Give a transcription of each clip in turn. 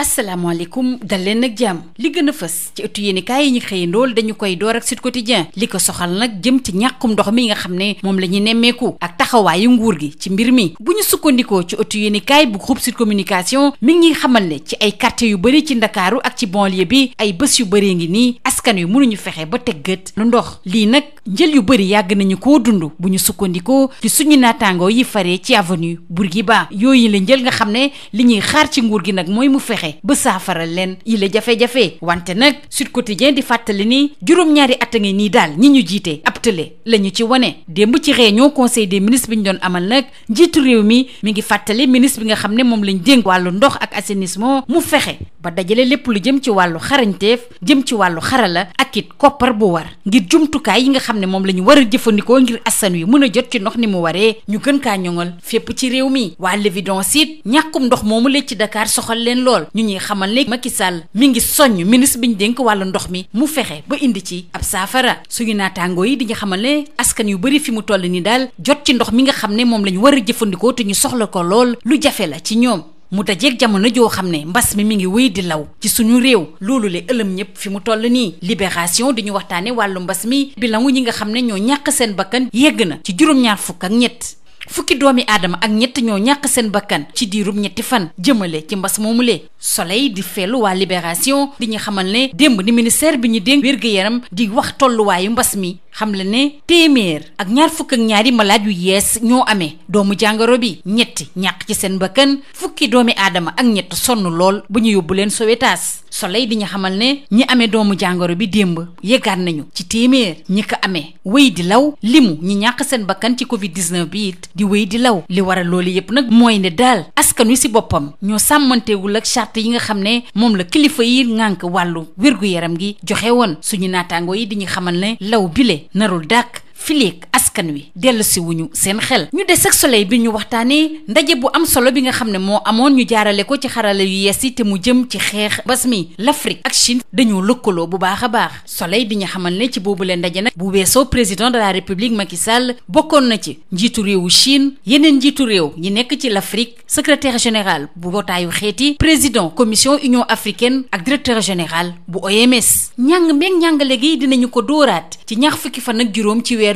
asalaamaaleykum dal leen nag jàmm li gën a fës ci ëttu yéenekaay yi ñu xëy ndool dañu koy door ak Sud Quotidien li ko soxal nag jëm ci ñàkkum ndox mi nga xam ne moom la ñu nemmeeku ak taxawaayu nguur gi ci mbir mi bu ñu sukkandikoo ci ëttu yéenekaay bu groupe Sud Communication mi ngi xamal ne ci ay quartier yu bëri ci Ndakaaru ak ci banlieue bi ay bés yu bëree ngi nii askan yu mënuñu fexe ba teggët lu ndox lii nag njël yu bëri yàgg nañu ko dund bu ñu sukkandikoo ci suñu naataangoo yi faree ci avenue Bourguiba yooyu la njël nga xam ne li ñuy xaar ci nguur gi nag mooy mu fexe ba saafaral leen yile jafe-jafe wante nag Sud Quotidien di fàttali nii juróom-ñaari at a ngi nii daal ñi ñu jiite ab tële la ñu ci wone démb ci réunion conseil de ministres bi ñu doon amal nag njiitu réew mi mi ngi fàttali ministre bi nga xam ne moom lañ dénk wàllu ndox ak assainissement mu fexe ba dajalee lépp lu jëm ci wàllu xarañteef jëm ci wàllu xarala ak it koppar bu war ngir jumtukaay yi nga xam ne moom la ñu war a jëfandikoo ngir askan wi mun a jot ci ndox ni mu waree ñu gën kaa ñoŋal fépp ci réew mi waa l'évidence it ndox moomu la ci Dakar soxal leen lool ñu ñuy xamal ne Macky Sall mi ngi soññ ministre bi ñu dénk wàllu ndox mi mu fexe ba indi ci ab saafara suñu naataangoo yi di nga xamal ne askan yu bëri fi mu toll ni daal jot ci ndox mi nga xam ne moom la ñu war a jëfandikoo te ñu soxla ko lool lu jafe la ci ñoom mu dajeeg jamono joo xam ne mbas mi mi ngi wéy di law ci suñu réew loolu le ëlëm ñëpp fi mu toll nii libération di ñu waxtaane wàllu mbas mi bilangu ñi nga xam ne ñoo ñàkk seen bakkan yegg na ci juróom-ñaar fukk ñett fukki doomi aadama ak ñett ñoo ñàkk seen bakkan ci diirub ñetti fan jëmale ci mbas moomu moomule soleil di feelu waa libération di ñu xamal ne démb ni ministère bi ñu dénk wér gi yaram di wax tolluwaayu mbas mi xam le ne téeméer ak ñaar fukk ak ñaari malade yu yees ñoo amee doomu jàngoro bi ñetti ñàq ci seen bakkan fukki doomi aadama ak ñett sonn lool bu ñu yóbbu leen Sowetaas Soleil di ñu xamal ne ñi amee doomu jàngoro bi démb yeggaat nañu ci téeméer ñi ko amee wéy di law limu ñi ñàkk seen bakkan ci Covid 19 bi it di wéy di law li waral loolu yépp nag mooy ne daal askan wi si boppam ñoo sàmmanteewul ak charte yi nga xam ne moom la kilifa yi ŋànk wàllu wérgu yaram gi joxe woon suñu naataangoo yi di ñu xamal ne law bile narul dàkk fileek askan wi dellu si ñu seen xel ñu des ak soleil bi ñu waxtaanee ndaje bu am solo bi nga xam ne moo amoon ñu jaarale ko ci xarala yu yees yi te mu jëm ci xeex mbas mi l'Afrique ak Chine dañoo lëkkaloo bu baax a baax soleil bi ñu xamal ne ci boobu leen ndaje nag bu weesoo président de la république Macky Sall bokkoon na ci njiitu réewu Chine yeneen njiitu réew ñi nekk ci l'Afrique secretaire général bu bootaayu xeeti président commission union africaine ak directeur général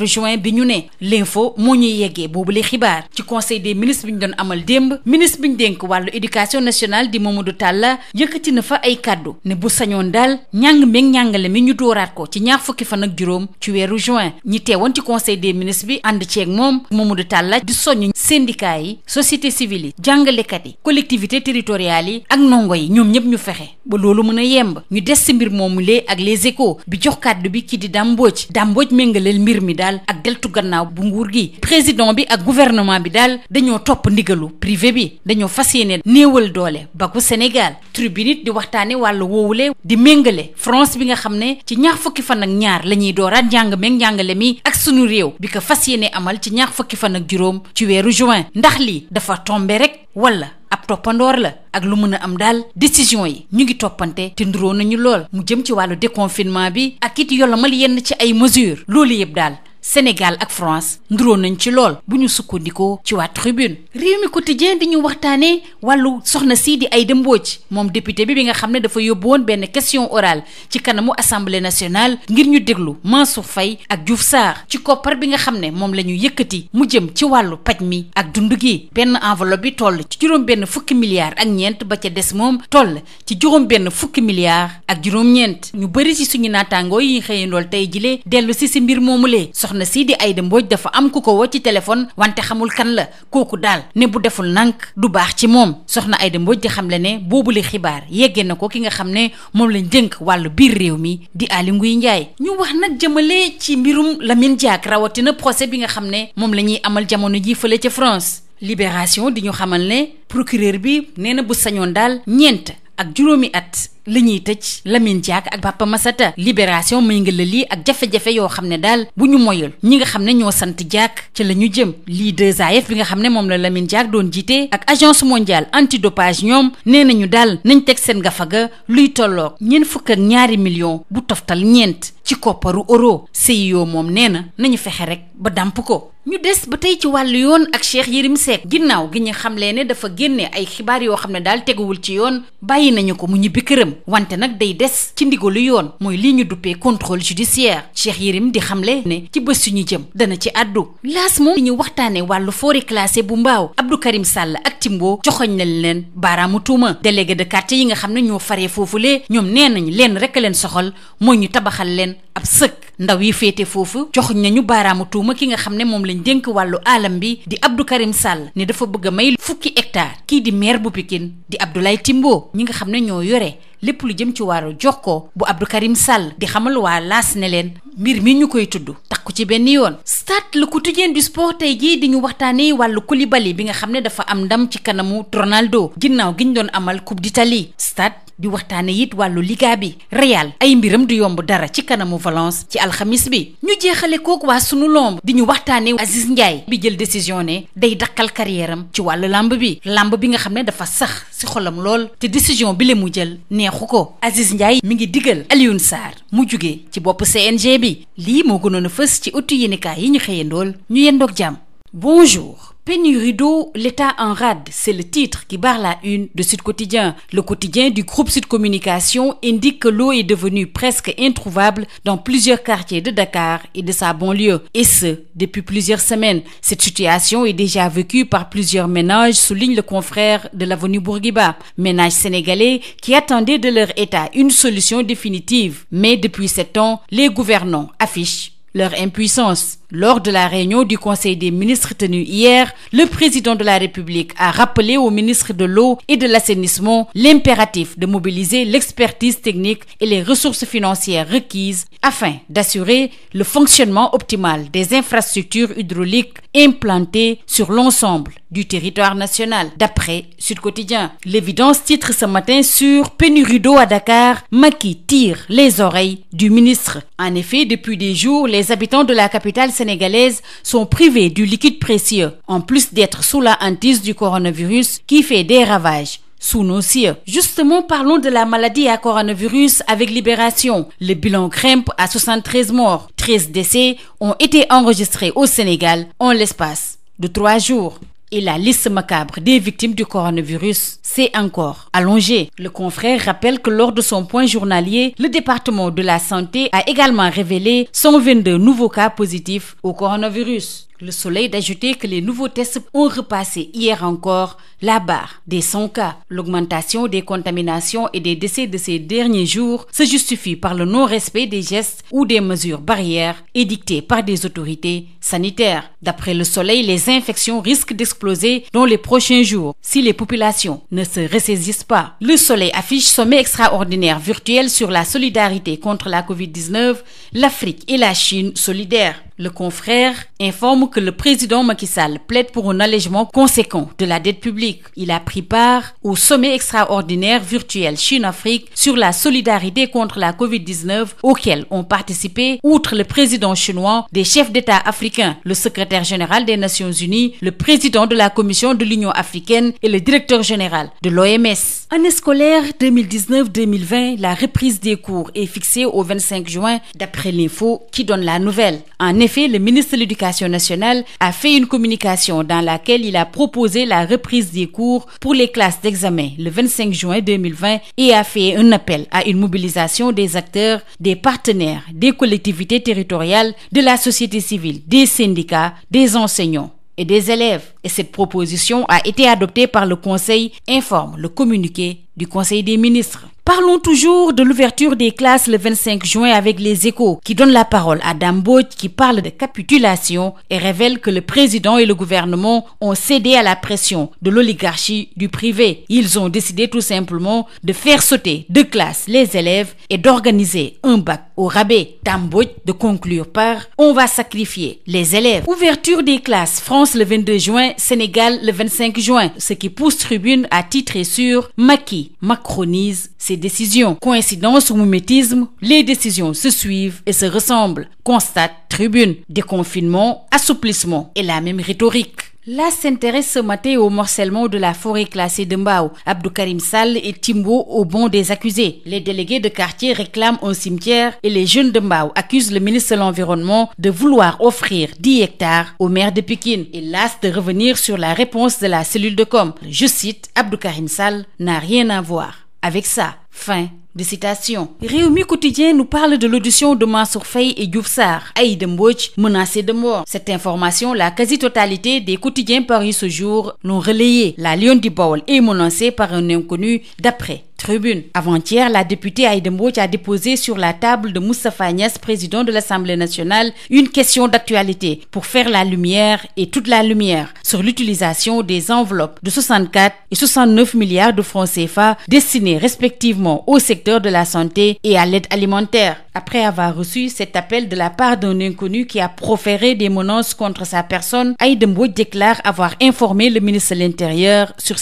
weeru juin bi ñu ne l'info moo ñuy yeggee boobu li xibaar ci conseil des ministres bi ñu doon amal démb ministre bi ñu dénk wàllu éducation nationale di Mamadou Talla yëkkati na fa ay kàddu ne bu sañoon daal ñàng meeg ñàngale mi ñu dooraat ko ci ñaar fukki fan ak juróom ci weeru juin ñi teewoon ci conseil des ministres bi ànd ceeg moom Mamadou Talla di soññ syndicat yi société civile yi jàngalekat yi collectivité yi ak ndongo yi ñoom ñëpp ñu fexe ba loolu mën a yemb ñu des si mbir les échos bi jox kàddu bi kii di dàmbooj dàmbooj méngaleel mbir mi daal daal ak deltu gannaaw bu nguur gi président bi ak gouvernement bi daal dañoo topp ndigalu privé bi dañoo fas yéene néewal doole bagu Sénégal tribune it di waxtaane wàllu woowule di méngale France bi nga xam ne ci ñaar fukki fan ak ñaar la ñuy dooraat njàng meeg njàngale mi ak sunu réew bi ko fas yéene amal ci ñaar fukki fan ak juróom ci weeru juin ndax li dafa tombe rek wala ab toppandoor la ak lu mën a am daal décision yi ñu ngi toppante te nduroo nañu lool mu jëm ci wàllu déconfinement bi ak it yolomal yenn ci ay mesures loolu yëpp daal Sénégal ak France nduroo nañ ci lool bu ñu sukkandikoo ci waa tribune réew mi quotidien di ñu waxtaanee wàllu soxna sii di Aïda Mbodj moom député bi bi nga xam ne dafa yóbbu woon benn question orale ci kanamu assemblée nationale ngir ñu déglu Mansour fay ak Diouf Sarr ci koppar bi nga xam ne moom la ñu yëkkati mu jëm ci wàllu paj mi ak dund gi benn juróom-benn fukki milliards ak ñeent ba ca des moom toll ci juróom-benn fukki milliards ak juróom-ñeent ñu bëri ci suñu naataangoo yi xëyandool tey jilee dellu si si mbir moomulee soxna sii di Aïda Mbodj dafa am ku ko woo ci téléphone wante xamul kan la kooku daal ne bu deful nank du baax ci moom soxna Aïda Mbodj di xam le ne boobule xibaar yeggee na ko ki nga xam ne moom lañ jënk wàllu biir réew mi di Aly Ngouille Ndiaye ñu wax nag jëmale bi nga xam ne moom amal jamono ji fële France libération di ñu xamal ne procureur bi nee na bu sañoon daal ñeent ak juróomi at la ñuy tëj Lamine Diack ak Papa Massata libération may nga la lii ak jafe-jafe yoo xam ne daal bu ñu moyul ñi nga xam ne ñoo sant Diack ci la ñu jëm lii 2AF bi nga xam ne moom la Lamine Diack doon jiite ak agence mondiale antidopage ñoom nee nañu daal nañ teg seen gafaga luy tolloog ñeent fukk ak ñaari millions bu toftal ñeent. ci kopparu euro CIO e moom nee na nañu fexe rek ba dàmp ko ñu des ba tey ci wàllu yoon ak Cheikh Yérim Seck ginnaaw gi ñu xamlee ne dafa génne ay xibaar yoo xam ne daal teguwul ci yoon bàyyi nañu ko mu ñibbi këram wante nag day des ci ndigalu yoon mooy lii ñu duppee contrôle judiciaire Cheikh Yérim di xamle ne ci bés suñu jëm dana ci àddu laas moom li ñu waxtaanee wàllu forêt classée bu mbaaw Abdou Karim Sall ak Timbo joxoñ nañ leen baaraamu tuuma délégué de quartier yi nga xam ne ñoo faree foofulee ñoom nee nañ leen rek leen soxal mooy ñu tabaxal leen leen ab sëkk ndaw yi féete foofu jox nañu baaraamu tuuma ki nga xam ne moom lañ dénk wàllu alam bi di Abdou Karim Sall ne dafa bëgg a may fukki hectare kii di maire bu Pikine di Abdoulaye timboo ñi nga xam ne ñoo yore lépp lu jëm ci waaru jox ko bu Abdou Karim Sall di xamal waa laas ne leen mbir mi ñu koy tudd tax ko ci benn yoon stade le quotidien du sport tey jii di ñu waxtaanee wàllu kulibali bi nga xam ne dafa am ndam ci kanamu Ronaldo ginnaaw gi ñu doon amal di waxtaane it wàllu liga bi Real ay mbiram du yomb dara ci kanamu Valence ci alxamis bi ñu jeexale kook waa sunu lomb di ñu waxtaane Aziz Ndiaye bi jël décision ne day daqal carrière ci wàllu làmb bi làmb bi nga xam ne dafa sax si xolam lool te décision bi le mu jël neexu ko Aziz Ndiaye mi ngi digal Alioune Sarr mu jugee ci bopp CNG bi lii moo gënoon a fës ci ëttu yéenekaay yi ñu xëyandool ñu yendoog jàmm bonjour Pénurie d'eau, l'État en rade, c'est le titre qui barre la une de Sud Quotidien. Le quotidien du groupe Sud Communication indique que l'eau est devenue presque introuvable dans plusieurs quartiers de Dakar et de sa banlieue, et ce, depuis plusieurs semaines. Cette situation est déjà vécue par plusieurs ménages, souligne le confrère de l'avenue Bourguiba, ménages sénégalais qui attendaient de leur État une solution définitive. Mais depuis sept ans, les gouvernants affichent leur impuissance. Lors de la réunion du Conseil des ministres tenue hier, le président de la République a rappelé au ministre de l'eau et de l'assainissement l'impératif de mobiliser l'expertise technique et les ressources financières requises afin d'assurer le fonctionnement optimal des infrastructures hydrauliques implantées sur l'ensemble du territoire national, d'après Sud Quotidien. L'évidence titre ce matin sur Pénurie d'eau à Dakar, Macky tire les oreilles du ministre. En effet, depuis des jours, les habitants sénégalaise sont privées du liquide précieux, en plus d'être sous la hantise du coronavirus qui fait des ravages sous nos cieux. Justement, parlons de la maladie à coronavirus avec Libération. Le bilan grimpe à 73 morts. 13 décès ont été enregistrés au Sénégal en l'espace de trois jours. et la liste macabre des victimes du coronavirus s'est encore allongée. Le confrère rappelle que lors de son point journalier, le département de la santé a également révélé 122 nouveaux cas positifs au coronavirus. Le Soleil d'ajouter que les nouveaux tests ont repassé hier encore la barre des 100 cas. L'augmentation des contaminations et des décès de ces derniers jours se justifie par le non-respect des gestes ou des mesures barrières édictées par des autorités sanitaires. D'après Le Soleil, les infections risquent d'exploser dans les prochains jours si les populations ne se ressaisissent pas. Le Soleil affiche sommet extraordinaire virtuel sur la solidarité contre la COVID-19, Le confrère que le président Macky Sall plaide pour un allègement conséquent de la dette publique. Il a pris part au sommet extraordinaire des chefs d'État africains, le secrétaire général des Nations Unies, de la Commission de de l'OMS. Année scolaire 2019-2020, la reprise des cours est fixée la nouvelle. En effet, le ministre de l'Éducation nationale a fait une communication dans laquelle il a proposé la reprise des cours pour les classes d'examen le 25 juin 2020 et a fait un appel à une mobilisation des acteurs, des partenaires, des collectivités territoriales, de la société civile, des syndicats, des enseignants et des élèves. Et cette proposition a été adoptée par le Conseil, informe le communiqué du Conseil des ministres. Parlons toujours de l'ouverture des classes le 25 juin avec les échos qui donnent la parole à Dambo qui parle de capitulation et révèle que le président et le gouvernement ont cédé à la pression de l'oligarchie du privé. Ils ont décidé tout simplement de faire sauter de classe les élèves et d'organiser un bac au rabais. Dambo de conclure par on va sacrifier les élèves. Ouverture des classes France le 22 juin, Sénégal le 25 juin, ce qui pousse Tribune à titrer sur Maki qui macronise ses décisions. Coïncidence ou mimétisme, les décisions se suivent et se ressemblent, constate Tribune. Déconfinement, assouplissement et la même rhétorique. Là s'intéresse ce matin au morcellement de la forêt classée de Mbao. Abdou Karim Sall et Timbo au bon des accusés. Les délégués de quartier réclament un cimetière et les jeunes de Mbao accusent le ministre de l'Environnement de vouloir offrir 10 hectares au maire de Pikine. Et las de revenir sur la réponse de la cellule de com. Je cite, Abdou Karim Sall n'a rien à voir avec ça. Fin. de citation Réwmi Quotidien nous parle de l'audition de Mansour Faye et Diouf Sarr Aïda Mbodj menacée de mort cette information la quasi-totalité des quotidiens parus ce jour l'ont relayée la Lionne du Baol est menacée par un inconnu d'après tribune. Avant-hier, la députée Aïda Mbodj a déposé sur la table de Moustapha Niasse, président de l'Assemblée nationale, une question d'actualité pour faire la lumière et toute la lumière sur l'utilisation des enveloppes de 64 et 69 milliards de francs CFA destinés respectivement au secteur de la santé et à l'aide alimentaire. Après avoir reçu cet appel de la part d'un inconnu qui a proféré des menaces contre sa personne, Aïda déclare avoir informé le ministre de l'Intérieur sur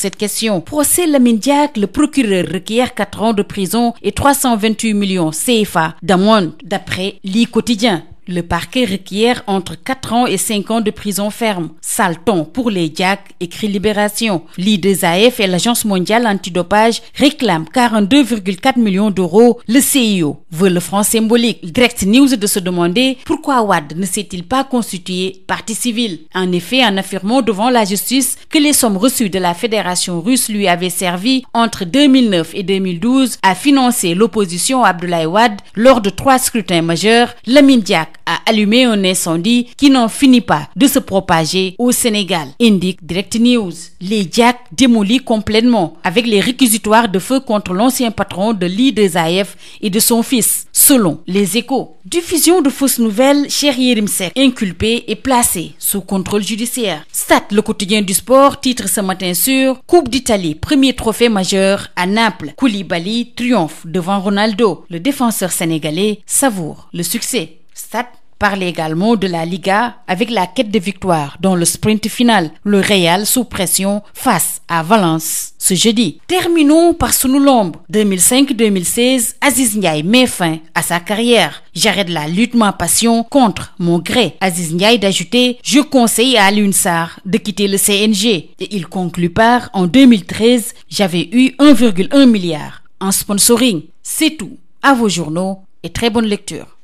Pierre quatre ans de prison et 328 millions CFA d'amende, d'après Li Quotidien. Le parquet requiert entre 4 ans et 5 ans de prison ferme. Salton pour les diacres, écrit Libération. L'IDSAF et l'Agence mondiale antidopage réclament 42,4 millions d'euros. Le CIO veut le franc symbolique. Direct News de se demander pourquoi Wad ne s'est-il pas constitué partie civile. En effet, en affirmant devant la justice que les sommes reçues de la Fédération russe lui avaient servi entre 2009 et 2012 à financer l'opposition à Abdoulaye Wad lors de trois scrutins majeurs, Lamine Diack a allumé un incendie qui n'en finit pas de se propager au Sénégal, indique Direct News. Les JAC démolis complètement avec les réquisitoires de feu contre l'ancien patron de l'IAAF et de son fils, selon les Échos. Diffusion de fausses nouvelles, Cheikh Yérim Seck, inculpé et placé sous contrôle judiciaire. Stade, le quotidien du sport, titre ce matin sur Coupe d'Italie, premier trophée majeur à Naples. Koulibaly triomphe devant Ronaldo. Le défenseur sénégalais savoure le succès. Stade parle également de la Liga avec la quête de victoire dans le sprint final, le Real sous pression face à Valence ce jeudi. Terminons par sunu lomb 2005-2016, Aziz Ndiaye met fin à sa carrière. J'arrête la lutte ma passion contre mon gré. Aziz Ndiaye d'ajouter je conseille à une Sarr de quitter le CNG et il conclut par en 2013, j'avais eu 1,1 milliard en sponsoring. C'est tout. À vos journaux et très bonne lecture.